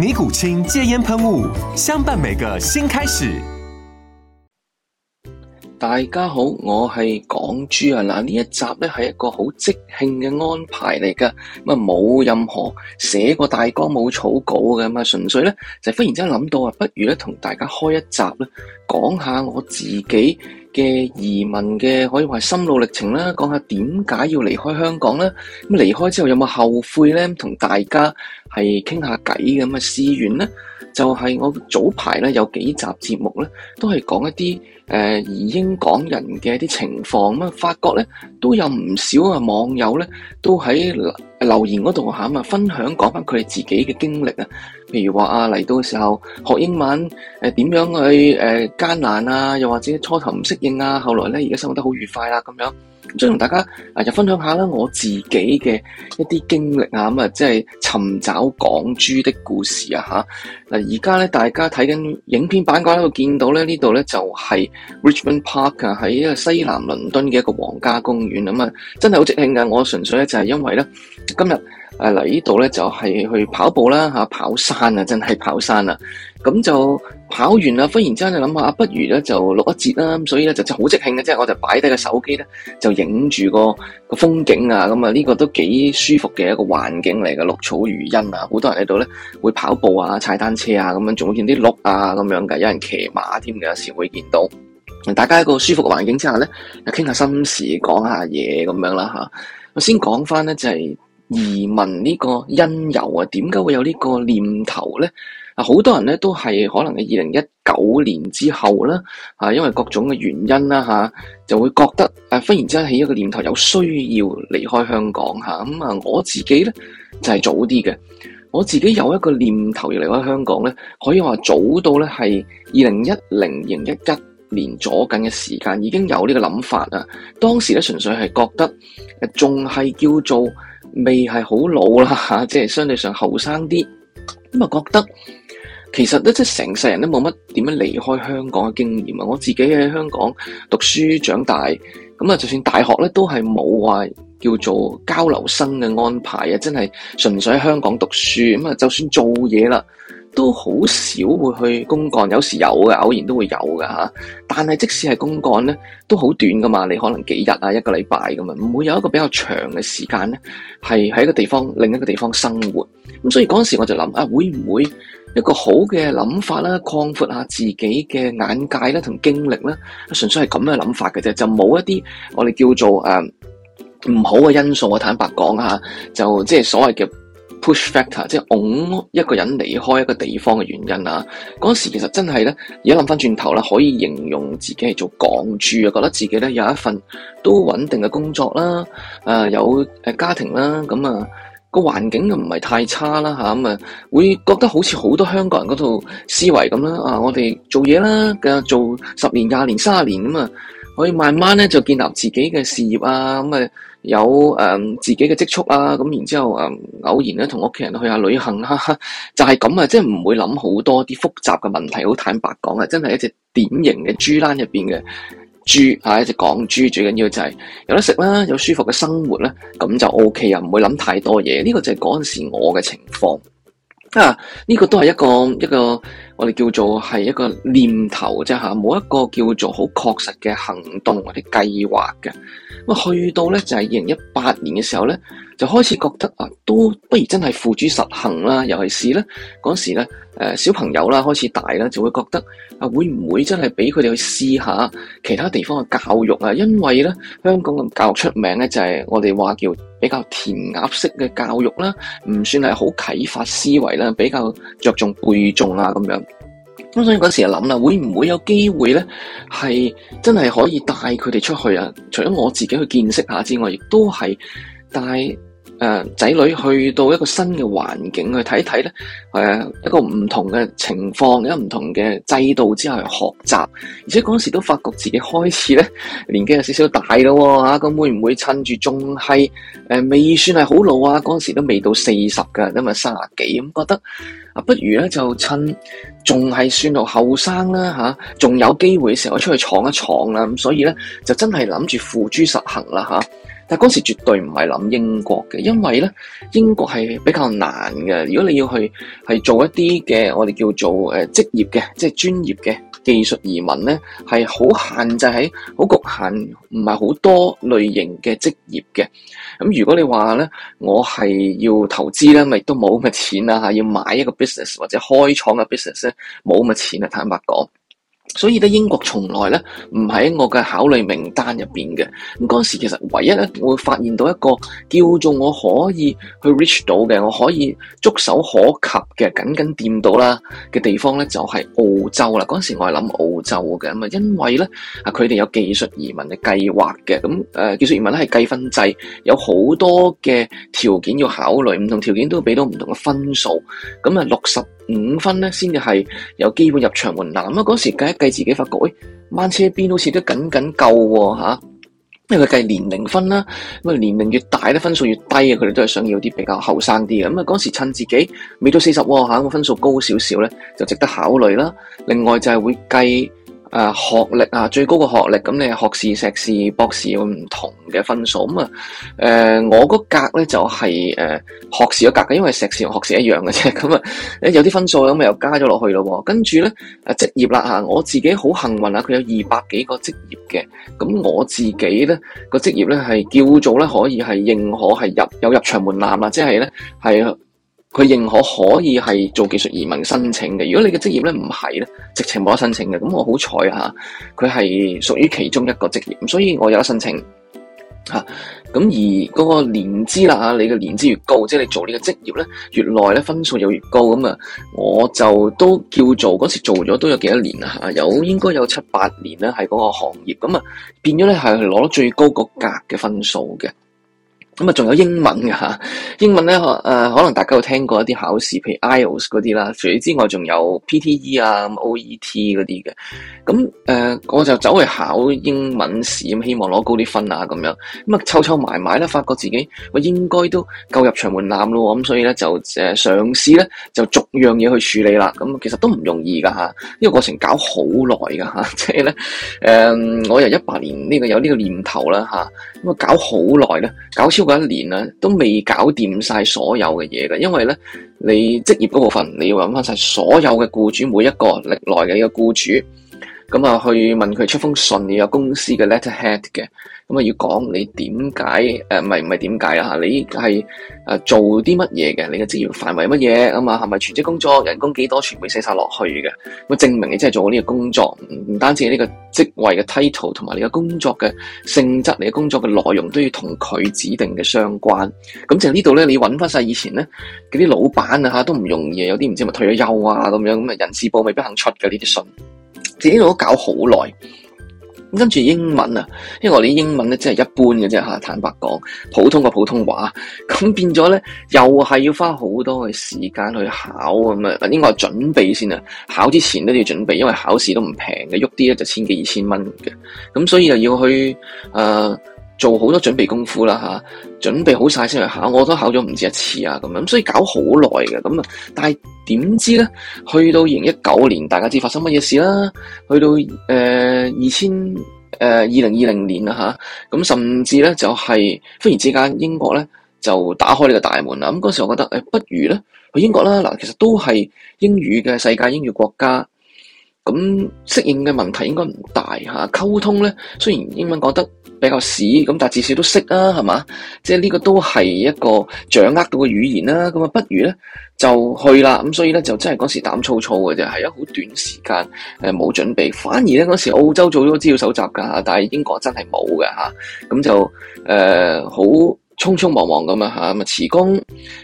尼古清戒煙噴霧，相伴每個新開始。大家好，我係港豬啊！嗱，呢一集咧係一個好即興嘅安排嚟噶，咁啊冇任何寫過大綱、冇草稿嘅，咁啊純粹咧就忽然之間諗到啊，不如咧同大家開一集咧，講下我自己嘅移民嘅，可以話係心路歷程啦，講下點解要離開香港咧，咁離開之後有冇後悔咧，同大家。係傾下偈咁啊！事源咧，就係、是、我早排咧有幾集節目咧，都係講一啲誒移英港人嘅啲情況咁啊，發覺咧都有唔少啊網友咧都喺留言嗰度嚇咁啊，分享講翻佢哋自己嘅經歷啊，譬如話啊嚟到嘅時候學英文誒點、呃、樣去誒、呃、艱難啊，又或者初頭唔適應啊，後來咧而家生活得好愉快啦、啊、咁樣。咁再同大家啊就分享下啦，我自己嘅一啲經歷啊咁啊，即係尋找港豬的故事啊吓嗱，而家咧大家睇緊影片版嘅話咧，會見到咧呢度咧就係 Richmond Park 啊，喺一個西南倫敦嘅一個皇家公園咁啊，真係好直興噶，我純粹咧就係因為咧今日。誒嚟呢度咧就係去跑步啦吓，跑山啊，真係跑山啊！咁就跑完啦，忽然之間就諗下啊，不如咧就錄一節啦。咁所以咧就好即興嘅，即係我就擺低個手機咧，就影住個個風景啊。咁啊，呢個都幾舒服嘅一個環境嚟嘅，綠草如茵啊！好多人喺度咧會跑步啊、踩單車啊咁樣，仲會見啲鹿啊咁樣嘅，有人騎馬添嘅，有時會見到。大家一個舒服嘅環境之下咧，就傾下心事、講下嘢咁樣啦吓，我先講翻咧就係、是。移民呢個因由啊，點解會有呢個念頭呢？啊，好多人咧都係可能喺二零一九年之後啦，因為各種嘅原因啦，嚇就會覺得啊，忽然之間起一個念頭，有需要離開香港嚇。咁啊，我自己呢就係、是、早啲嘅，我自己有一個念頭要離開香港呢，可以話早到呢係二零一零零一一年左近嘅時間已經有呢個諗法啦。當時呢，純粹係覺得仲係叫做。未係好老啦嚇，即係相對上後生啲，咁啊覺得其實咧，即係成世人都冇乜點樣離開香港嘅經驗啊！我自己喺香港讀書長大，咁啊，就算大學咧都係冇話叫做交流生嘅安排啊，真係純粹喺香港讀書，咁啊，就算做嘢啦。都好少會去公幹，有時有嘅，偶然都會有嘅。但係即使係公幹呢，都好短噶嘛，你可能幾日啊，一個禮拜咁啊，唔會有一個比較長嘅時間呢，係喺一個地方另一個地方生活。咁所以嗰陣時我就諗啊，會唔會有一個好嘅諗法啦，擴闊下自己嘅眼界啦，同經歷呢，純粹係咁樣嘅諗法嘅啫，就冇一啲我哋叫做誒唔好嘅因素。我坦白講嚇，就即係所謂嘅。Push factor 即係拱一個人離開一個地方嘅原因啊。嗰時其實真係咧，而家諗翻轉頭啦，可以形容自己係做港豬啊，覺得自己咧有一份都穩定嘅工作啦，誒、啊、有誒家庭啦，咁啊個環境就唔係太差啦嚇咁啊，會覺得好似好多香港人嗰套思維咁啦啊，我哋做嘢啦嘅做十年、廿年、三十年咁啊，可以慢慢咧就建立自己嘅事業啊咁啊。啊有誒、嗯、自己嘅積蓄啊，咁然之後、嗯、偶然咧同屋企人去一下旅行啦、啊，就係、是、咁啊！即係唔會諗好多啲複雜嘅問題。好坦白講啊，真係一隻典型嘅豬欄入邊嘅豬啊。一隻港豬。最緊要就係有得食啦、啊，有舒服嘅生活咧，咁就 OK 啊，唔、OK 啊、會諗太多嘢。呢、這個就係嗰陣時我嘅情況。啊！呢、這個都係一個一個我哋叫做係一個念頭啫吓，冇一個叫做好確實嘅行動或者計劃嘅。咁啊去到咧就係二零一八年嘅時候咧。就開始覺得啊，都不如真係付諸實行啦。尤其是呢，嗰時呢，小朋友啦開始大啦，就會覺得啊，會唔會真係俾佢哋去試下其他地方嘅教育啊？因為呢香港嘅教育出名呢，就係、是、我哋話叫比較填鴨式嘅教育啦，唔算係好啟發思維啦，比較着重背誦啦、啊、咁樣。咁所以嗰時就諗啦、啊，會唔會有機會呢？係真係可以帶佢哋出去啊？除咗我自己去見識下之外，亦都係帶。誒仔、呃、女去到一個新嘅環境去睇一睇咧，誒、呃、一個唔同嘅情況，有唔同嘅制度之後去學習，而且嗰時都發覺自己開始咧年紀有少少大咯，咁、哦啊、會唔會趁住仲係未算係好老啊？嗰時都未到四十㗎，咁三卅幾咁覺得啊，不如咧就趁仲係算到後生啦，仲有機會嘅時候出去闖一闖啦，咁、啊、所以咧就真係諗住付諸實行啦但嗰時絕對唔係諗英國嘅，因為咧英國係比較難嘅。如果你要去係做一啲嘅我哋叫做誒職業嘅，即係專業嘅技術移民咧，係好限制喺好局限，唔係好多類型嘅職業嘅。咁如果你話咧，我係要投資咧，咪都冇乜錢啊嚇，要買一個 business 或者開廠嘅 business 咧，冇乜錢啊！坦白講。所以咧，英國從來咧唔喺我嘅考慮名單入面嘅。咁嗰陣時，其實唯一咧我會發現到一個叫做我可以去 reach 到嘅，我可以觸手可及嘅，緊緊掂到啦嘅地方咧，就係澳洲啦。嗰陣時我係諗澳洲嘅，咁啊，因為咧啊，佢哋有技術移民嘅計劃嘅。咁誒，技術移民咧係計分制，有好多嘅條件要考慮，唔同條件都俾到唔同嘅分數。咁啊，六十五分咧先至係有機會入場門檻。咁啊，嗰陣時計。計自己發覺，誒、哎，掹車邊好似都僅僅夠吓、哦啊，因為佢計年齡分啦，咁啊年齡越大咧，分數越低啊，佢哋都係想要啲比較後生啲嘅咁啊。嗰時趁自己未到四十吓，個、啊、分數高少少咧，就值得考慮啦。另外就係會計。啊，學歷啊，最高嘅學歷，咁你學士、碩士、博士有唔同嘅分數，咁啊、呃，我嗰格咧就係、是、誒、呃、學士嘅格嘅，因為碩士同學士一樣嘅啫，咁啊，有啲分數咁啊又加咗落去咯喎，跟住咧職業啦嚇，我自己好幸運啊，佢有二百幾個職業嘅，咁我自己咧個職業咧係叫做咧可以係認可係入有入場門檻啦，即係咧係佢認可可以係做技術移民申請嘅，如果你嘅職業咧唔係咧，直情冇得申請嘅。咁我好彩吓佢係屬於其中一個職業，所以我有得申請。吓、啊、咁而嗰個年資啦，吓你嘅年資越高，即係你做呢個職業咧越耐咧，分數又越高咁啊。我就都叫做嗰次做咗都有幾多年啊，有應該有七八年啦，係嗰個行業咁啊，變咗咧係攞到最高個格嘅分數嘅。咁啊，仲有英文噶吓，英文咧，誒、呃、可能大家有聽過一啲考試，譬如 IELTS 嗰啲啦。除咗之外，仲有 PTE 啊、OET 嗰啲嘅。咁誒、呃、我就走去考英文試，咁希望攞高啲分啊，咁樣，咁啊，湊湊埋埋咧，發覺自己我應該都夠入場門檻咯。咁所以咧，就誒、呃、嘗試咧，就逐樣嘢去處理啦。咁其實都唔容易噶吓，呢、啊這個過程搞好耐噶吓，即係咧誒我由一八年呢、這個有呢個念頭啦吓，咁啊搞好耐咧，搞超。一年啦，都未搞掂晒所有嘅嘢嘅，因為咧，你職業嗰部分你要搵翻晒所有嘅雇主，每一個歷來嘅一個雇主，咁啊，去問佢出封信，你有公司嘅 letterhead 嘅。咁啊，要講你點解？誒，唔係唔係點解啊？你係誒做啲乜嘢嘅？你嘅職業範圍乜嘢？咁啊，係咪全職工作？人工幾多？全部寫晒落去嘅，咁證明你真係做呢個工作，唔單止係呢個職位嘅 title，同埋你嘅工作嘅性質，你嘅工作嘅內容都要同佢指定嘅相關。咁淨係呢度咧，你揾翻晒以前咧嗰啲老闆啊嚇，都唔容易，有啲唔知咪退咗休啊咁樣，咁啊人事部未必肯出嘅呢啲信，自己喺度都搞好耐。跟住英文啊，因為我哋英文咧真係一般嘅啫嚇，坦白講普通過普通話，咁變咗咧又係要花好多嘅時間去考咁啊，應該準備先啊，考之前都要準備，因為考試都唔平嘅，喐啲咧就千幾二千蚊嘅，咁所以就要去誒。呃做好多準備功夫啦嚇，準備好晒先嚟考，我都考咗唔止一次啊咁，咁所以搞好耐嘅咁啊，但係點知咧，去到二零一九年，大家知發生乜嘢事啦？去到誒二千誒二零二零年啦嚇，咁甚至咧就係忽然之間英國咧就打開呢個大門啦，咁嗰時我覺得不如咧去英國啦嗱，其實都係英語嘅世界，英語國家，咁適應嘅問題應該唔大嚇，溝通咧雖然英文覺得比較屎咁，但至少都識啊，係嘛？即係呢、這個都係一個掌握到嘅語言啦、啊，咁啊不如咧就去啦。咁所以咧就真係嗰時膽粗粗嘅啫，係啊好短時間誒冇、呃、準備，反而咧嗰時澳洲做咗資料搜集噶，但係英國真係冇嘅吓，咁、啊、就誒好。呃匆匆忙忙咁啊吓，咪辭工，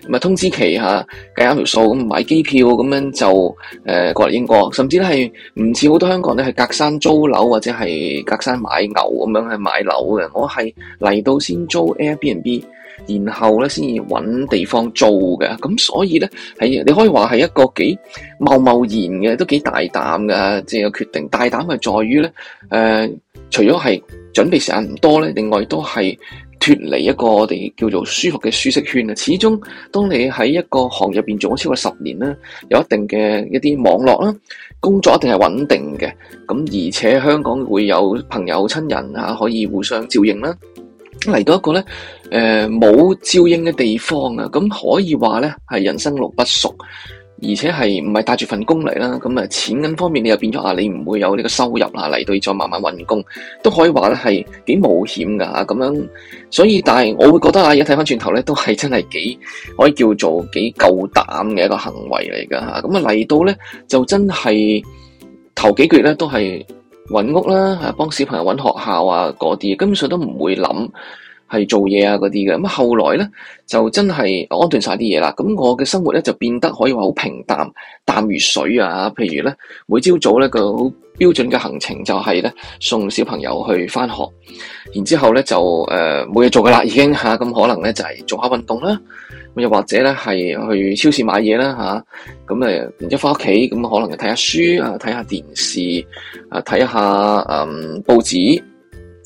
咪通知期吓，計啱條數咁買機票咁樣就誒、呃、過嚟英國，甚至咧係唔似好多香港人咧係隔山租樓或者係隔山買牛咁樣去買樓嘅。我係嚟到先租 Airbnb，然後咧先要揾地方租嘅。咁所以咧你可以話係一個幾貿貿然嘅，都幾大膽嘅，即係個決定。大膽係在於咧誒，除咗係準備時間唔多咧，另外都係。脫離一個我哋叫做舒服嘅舒適圈啊，始終，當你喺一個行業入邊做咗超過十年啦，有一定嘅一啲網絡啦，工作一定係穩定嘅，咁而且香港會有朋友親人吓可以互相照應啦，嚟到一個呢誒冇照應嘅地方啊，咁可以話呢係人生路不熟。而且係唔係帶住份工嚟啦，咁啊錢銀方面你又變咗啊，你唔會有呢個收入啦，嚟到再慢慢揾工，都可以話咧係幾冒險噶吓咁樣。所以但係我會覺得啊，而家睇翻轉頭咧，都係真係幾可以叫做幾夠膽嘅一個行為嚟噶吓。咁啊嚟到咧就真係頭幾個月咧都係揾屋啦，吓幫小朋友揾學校啊嗰啲，根本上都唔會諗。係做嘢啊嗰啲嘅，咁後來咧就真係安頓晒啲嘢啦。咁我嘅生活咧就變得可以話好平淡，淡如水啊。譬如咧，每朝早咧個好標準嘅行程就係咧送小朋友去翻學，然之後咧就誒冇嘢做㗎啦，已經吓，咁、啊、可能咧就係、是、做下運動啦，又或者咧係去超市買嘢啦吓，咁誒然之後翻屋企咁可能就睇下書、嗯、啊，睇下電視啊，睇下嗯報紙。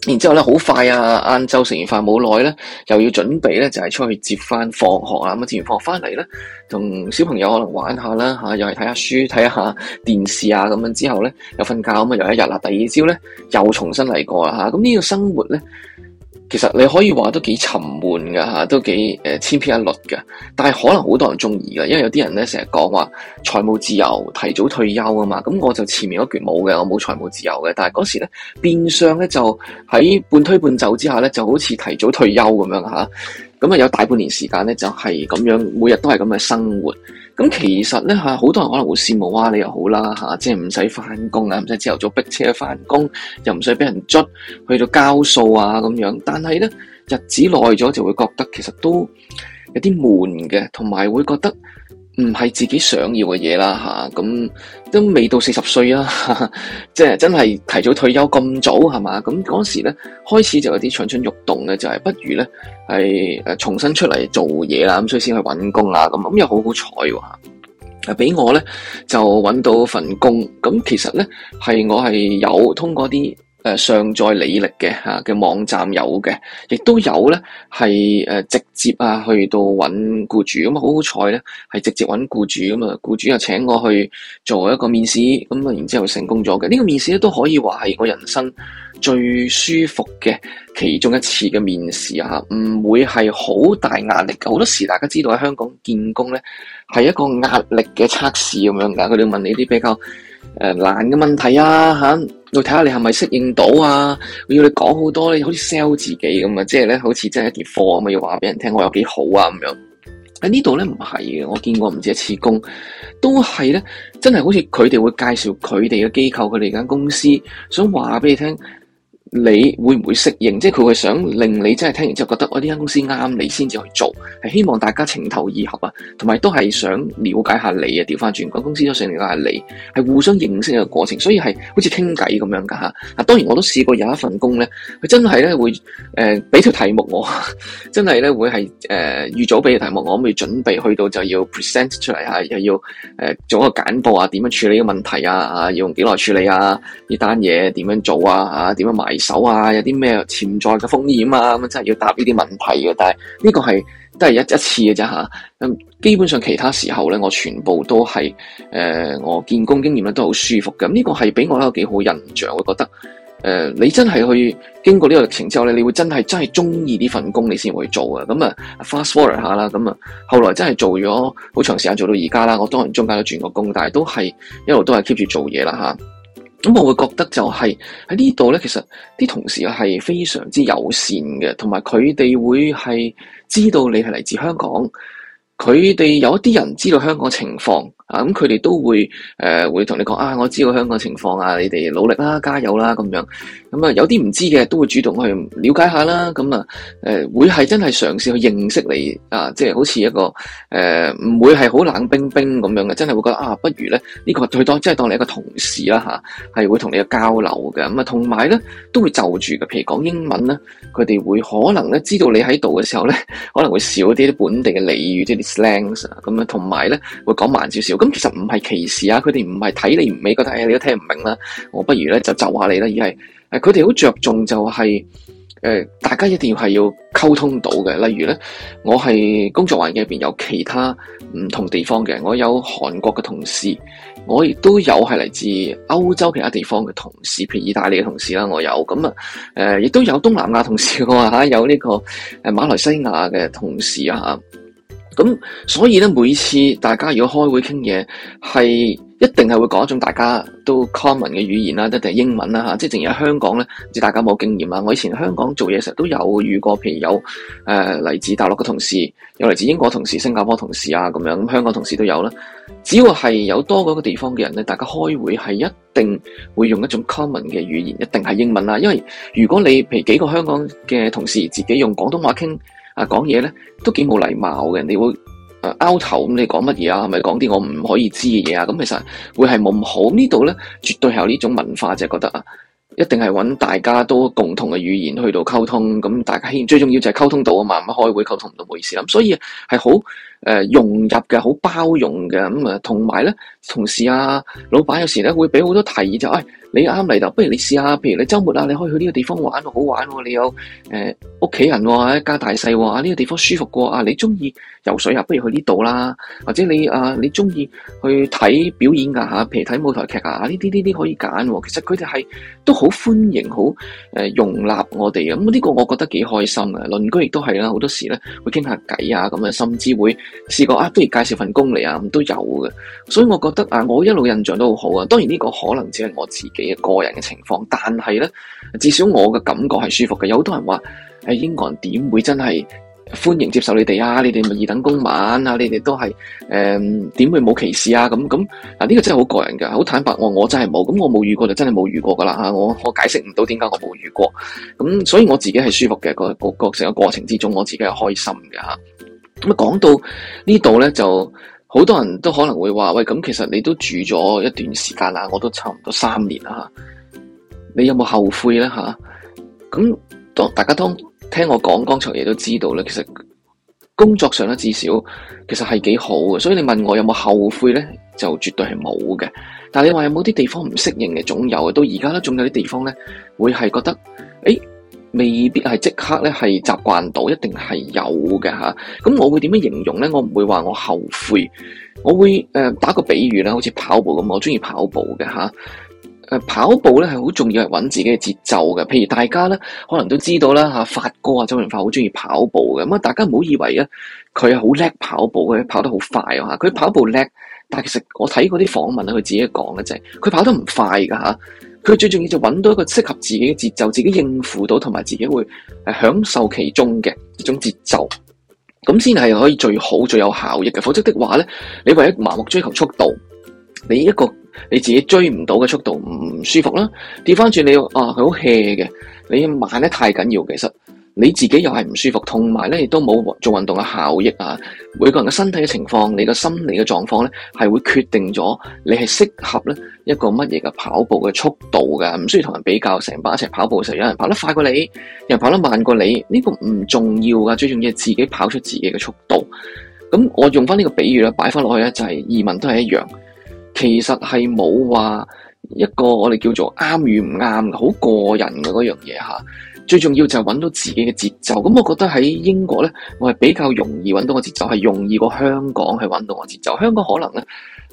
然之後咧，好快啊！晏晝食完飯冇耐咧，又要準備咧，就係出去接翻放學啊！咁接完放學翻嚟咧，同小朋友可能玩下啦，嚇，又係睇下書、睇下電視啊，咁樣之後咧又瞓覺咁啊！又一日啦，第二朝咧又重新嚟過啦，嚇！咁呢個生活咧。其實你可以話都幾沉悶噶吓，都幾誒千篇一律嘅。但係可能好多人中意噶，因為有啲人咧成日講話財務自由提早退休啊嘛。咁我就前面嗰句冇嘅，我冇財務自由嘅。但係嗰時咧變相咧就喺半推半就之下咧，就好似提早退休咁樣吓。咁啊有大半年時間咧就係、是、咁樣，每日都係咁嘅生活。咁其實咧，好多人可能會羨慕啊，你又好啦，即係唔使返工啊，唔使朝頭早逼車返工，又唔使俾人捽去到交數啊咁樣。但係咧日子耐咗就會覺得其實都有啲悶嘅，同埋會覺得，唔係自己想要嘅嘢啦嚇，咁都未到四十歲啦，即係真係提早退休咁早係嘛？咁嗰時咧開始就有啲蠢蠢欲動嘅，就係、是、不如咧係重新出嚟做嘢啦，咁所以先去揾工啦咁，咁又好好彩喎，俾我咧就揾到份工，咁其實咧係我係有通過啲。誒上載履歷嘅嚇嘅網站有嘅，亦都有咧係誒直接啊去到揾僱主，咁啊好好彩咧係直接揾僱主，咁啊僱主又請我去做一個面試，咁啊然之後成功咗嘅。呢個面試咧都可以話係我人生最舒服嘅其中一次嘅面試啊，唔會係好大壓力。好多時大家知道喺香港見工咧係一個壓力嘅測試咁樣㗎，佢哋問你啲比較。誒，難嘅問題啊吓，我睇下你係咪適應到啊？我要你講好多，你好似 sell 自己咁啊，即係咧，好似真係一件貨咁啊，要話俾人聽我有幾好啊咁樣。喺呢度咧唔係嘅，我見過唔止一次工，都係咧真係好似佢哋會介紹佢哋嘅機構，佢哋間公司想話俾你聽。你會唔會適應？即係佢會想令你真係聽完之後覺得，我呢間公司啱你先至去做，係希望大家情投意合啊，同埋都係想了解下你啊。調翻轉講，公司都想了解下你，係互相認識嘅過程，所以係好似傾偈咁樣噶吓。啊，當然我都試過有一份工咧，佢真係咧會誒俾條題目我，真係咧會係誒預早俾條題目我，可唔可以準備去到就要 present 出嚟吓，又要誒做一個簡報啊，點樣處理個問題啊，啊要用幾耐處理啊，呢單嘢點樣做啊，啊點樣買手啊，有啲咩潛在嘅風險啊，咁真係要答呢啲問題嘅。但係呢個係都係一一次嘅啫吓。咁基本上其他時候咧，我全部都係、呃、我見工經驗咧都好舒服嘅。咁、嗯、呢、這個係俾我一個幾好印象，我覺得、呃、你真係去經過呢個歷程之後咧，你會真係真係中意呢份工，你先會做啊。咁啊，fast forward 下啦，咁啊後來真係做咗好長時間做到而家啦。我當然中間都轉過工，但係都係一路都係 keep 住做嘢啦吓咁我會覺得就係喺呢度呢。其實啲同事係非常之友善嘅，同埋佢哋會係知道你係嚟自香港，佢哋有一啲人知道香港情況。啊，咁佢哋都會誒、呃、會同你講啊，我知道香港情況啊，你哋努力啦，加油啦咁樣，咁、嗯、啊，有啲唔知嘅都會主動去了解下啦。咁啊、呃，會係真係嘗試去認識你啊，即係好似一個誒唔、呃、會係好冷冰冰咁樣嘅，真係會覺得啊，不如咧呢、呢個最多真係當你一個同事啦吓，係、啊、會同你嘅交流嘅。咁、嗯、啊，同埋咧都會就住嘅，譬如講英文咧，佢哋會可能咧知道你喺度嘅時候咧，可能會少啲啲本地嘅俚語，即係啲 slangs 啊咁啊，同埋咧會講慢少少。咁其實唔係歧視啊，佢哋唔係睇你唔美國，覺得誒你都聽唔明啦。我不如咧就就下你啦，而係誒佢哋好着重就係誒大家一定要係要溝通到嘅。例如咧，我係工作環境入邊有其他唔同地方嘅，我有韓國嘅同事，我亦都有係嚟自歐洲其他地方嘅同事，譬如意大利嘅同事啦，我有咁啊誒，亦都有東南亞同事我啊嚇，有呢個誒馬來西亞嘅同事啊。咁所以咧，每次大家如果開會傾嘢，係一定係會講一種大家都 common 嘅語言啦，一定係英文啦嚇。即係淨係香港咧，唔知大家有冇經驗啦。我以前香港做嘢時候都有遇過，譬如有誒呃、嚟自大陸嘅同事，有嚟自英國同事、新加坡同事啊咁樣，咁香港同事都有啦。只要係有多個地方嘅人咧，大家開會係一定會用一種 common 嘅語言，一定係英文啦。因為如果你譬如幾個香港嘅同事自己用廣東話傾。啊，講嘢咧都幾冇禮貌嘅，人哋會拗、啊、頭咁，你講乜嘢啊？係咪講啲我唔可以知嘅嘢啊？咁、嗯、其實會係冇咁好。呢度咧絕對係有呢種文化，就係覺得啊，一定係揾大家都共同嘅語言去到溝通，咁、嗯、大家牽最重要就係溝通到啊嘛。咁開會溝通唔到冇意思，咁所以係好。誒融入嘅，好包容嘅，咁、嗯、啊，同埋咧，同事啊，老闆有時咧會俾好多提議就，就、哎、誒你啱嚟就，不如你試下，譬如你周末啊，你可以去呢個地方玩好玩喎、哦，你有誒屋企人喎、哦，一家大細喎、哦，啊、這、呢個地方舒服過、哦、啊，你中意游水啊，不如去呢度啦，或者你啊、呃、你中意去睇表演㗎、啊、譬如睇舞台劇啊，呢啲呢啲可以揀喎、哦，其實佢哋係都好歡迎，好誒、呃、容納我哋啊。咁、嗯、呢、這個我覺得幾開心啊。鄰居亦都係啦，好多時咧會傾下偈啊，咁啊，甚至會。試過啊，不如介紹份工嚟啊，咁都有嘅。所以我覺得啊，我一路印象都好好啊。當然呢個可能只係我自己嘅個人嘅情況，但係呢，至少我嘅感覺係舒服嘅。有好多人話誒、啊，英國人點會真係歡迎接受你哋啊？你哋咪二等公民啊？你哋都係誒、點、嗯、會冇歧視啊？咁咁啊？呢、呢個真係好個人㗎。好坦白我我真係冇。咁我冇遇過就真係冇遇過噶啦吓。我我解釋唔到點解我冇遇過。咁所以我自己係舒服嘅，個個個成個過程之中，我自己係開心嘅吓。咁講到呢度咧，就好多人都可能會話：喂，咁其實你都住咗一段時間啦，我都差唔多三年啦嚇。你有冇後悔咧？嚇？咁當大家當聽我講剛才嘢都知道咧，其實工作上咧至少其實係幾好嘅，所以你問我有冇後悔咧，就絕對係冇嘅。但係你話有冇啲地方唔適應嘅，總有嘅。到而家咧，仲有啲地方咧，會係覺得，誒。未必係即刻咧，係習慣到，一定係有嘅嚇。咁我會點樣形容咧？我唔會話我後悔，我會誒、呃、打個比喻啦，好似跑步咁，我中意跑步嘅嚇。誒、呃、跑步咧係好重要，係揾自己嘅節奏嘅。譬如大家咧，可能都知道啦嚇，發哥啊，周潤發好中意跑步嘅嚇。咁啊，大家唔好以為啊，佢係好叻跑步嘅，跑得好快啊嚇。佢跑步叻，但係其實我睇嗰啲訪問咧，佢自己講嘅就係佢跑得唔快嘅嚇。佢最重要就揾到一個適合自己嘅節奏，自己應付到同埋自己會誒享受其中嘅一種節奏，咁先係可以最好最有效益嘅。否則的話咧，你唯一盲目追求速度，你一個你自己追唔到嘅速度唔舒服啦。掉翻轉你啊，佢好 hea 嘅，你慢得太緊要，其實。你自己又係唔舒服，同埋咧亦都冇做運動嘅效益啊！每個人嘅身體嘅情況，你嘅心理嘅狀況咧，係會決定咗你係適合咧一個乜嘢嘅跑步嘅速度㗎，唔需要同人比較。成班一齊跑步嘅時候，有人跑得快過你，有人跑得慢過你，呢個唔重要噶，最重要係自己跑出自己嘅速度。咁我用翻呢個比喻啦，擺翻落去咧就係移民都係一樣，其實係冇話一個我哋叫做啱與唔啱嘅，好個人嘅嗰樣嘢最重要就係揾到自己嘅節奏，咁我覺得喺英國咧，我係比較容易揾到個節奏，係容易過香港去揾到我節奏。香港可能咧，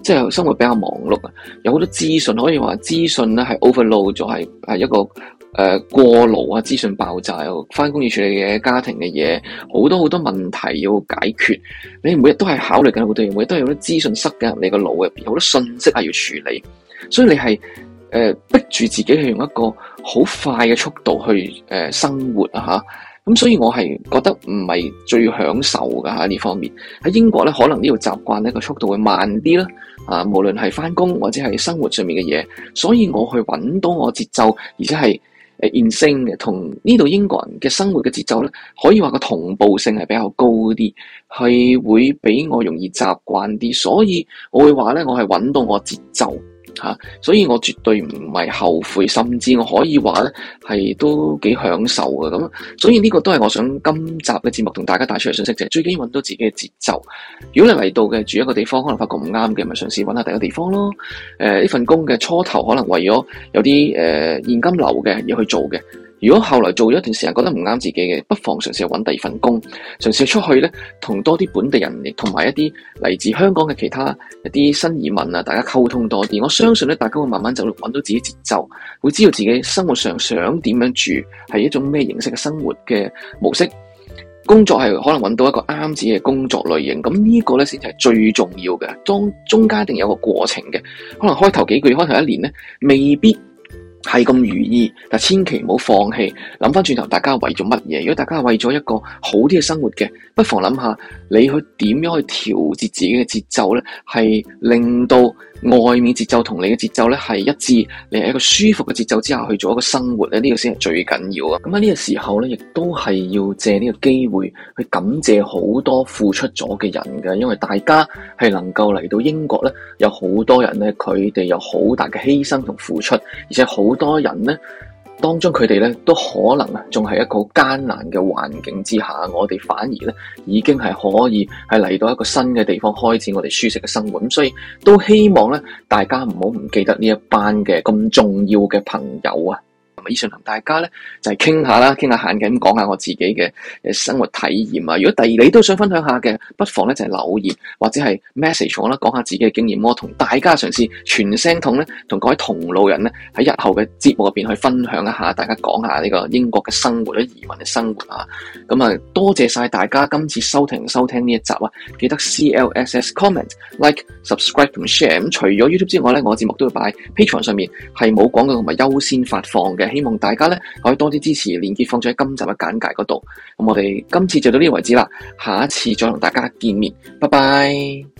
即係生活比較忙碌啊，有好多資訊可以話資訊咧係 overload 咗，係係一個誒、呃、過勞啊，資訊爆炸，翻工要處理嘅家庭嘅嘢，好多好多問題要解決，你每日都係考慮緊好多嘢，每日都有啲資訊塞緊入你個腦入邊，好多信息啊要處理，所以你係。誒，逼住自己去用一個好快嘅速度去生活，咁所以我係覺得唔係最享受㗎。喺呢方面。喺英國咧，可能習慣呢度習慣呢個速度會慢啲啦。啊，無論係翻工或者係生活上面嘅嘢，所以我去揾到我節奏，而且係誒現升嘅，同呢度英國人嘅生活嘅節奏咧，可以話個同步性係比較高啲，係會比我容易習慣啲，所以我會話咧，我係揾到我節奏。吓、啊，所以我絕對唔係後悔，甚至我可以話咧係都幾享受嘅。咁所以呢個都係我想今集嘅節目同大家帶出嚟信息，就係最緊要揾到自己嘅節奏。如果你嚟到嘅住一個地方，可能發覺唔啱嘅，咪嘗試揾下第二個地方咯。誒、呃，呢份工嘅初頭可能為咗有啲誒、呃、現金流嘅而去做嘅。如果後來做咗一段時間覺得唔啱自己嘅，不妨嘗試揾第二份工，嘗試出去呢，同多啲本地人，同埋一啲嚟自香港嘅其他一啲新移民啊，大家溝通多啲。我相信呢，大家會慢慢就會揾到自己節奏，會知道自己生活上想點樣住，係一種咩形式嘅生活嘅模式。工作係可能揾到一個啱自己嘅工作類型，咁呢個呢，先係最重要嘅。中中間一定有個過程嘅，可能開頭幾個月、開頭一年呢，未必。係咁如，如意，但千祈唔好放棄。諗翻轉頭，大家為咗乜嘢？如果大家係為咗一個好啲嘅生活嘅，不妨諗下，你去點樣去調節自己嘅節奏咧？係令到，外面節奏同你嘅節奏呢係一致，你係一個舒服嘅節奏之下去做一個生活咧，呢、呢個先係最緊要啊！咁喺呢個時候呢，亦都係要借呢個機會去感謝好多付出咗嘅人嘅，因為大家係能夠嚟到英國呢，有好多人呢，佢哋有好大嘅犧牲同付出，而且好多人呢。當中佢哋都可能仲係一個艱難嘅環境之下，我哋反而呢已經係可以係嚟到一個新嘅地方開展我哋舒適嘅生活，咁所以都希望呢大家唔好唔記得呢一班嘅咁重要嘅朋友啊。以上同大家咧就係、是、傾下啦，傾下閒偈咁講下我自己嘅生活體驗啊。如果第二你都想分享下嘅，不妨咧就係、是、留言或者係 message 我啦，講下自己嘅經驗，我同大家嘗試傳聲筒咧，同各位同路人咧喺日後嘅節目入邊去分享一下，大家講下呢個英國嘅生活咧，移民嘅生活啊。咁、嗯、啊，多謝晒大家今次收聽收聽呢一集啊！記得 C L S S comment like subscribe 同 share。咁除咗 YouTube 之外咧，我嘅節目都會擺 Patreon 上面係冇廣告同埋優先發放嘅。希望大家咧可以多啲支持，連結放咗喺今集嘅簡介嗰度。咁我哋今次就到呢度為止啦，下一次再同大家見面，拜拜。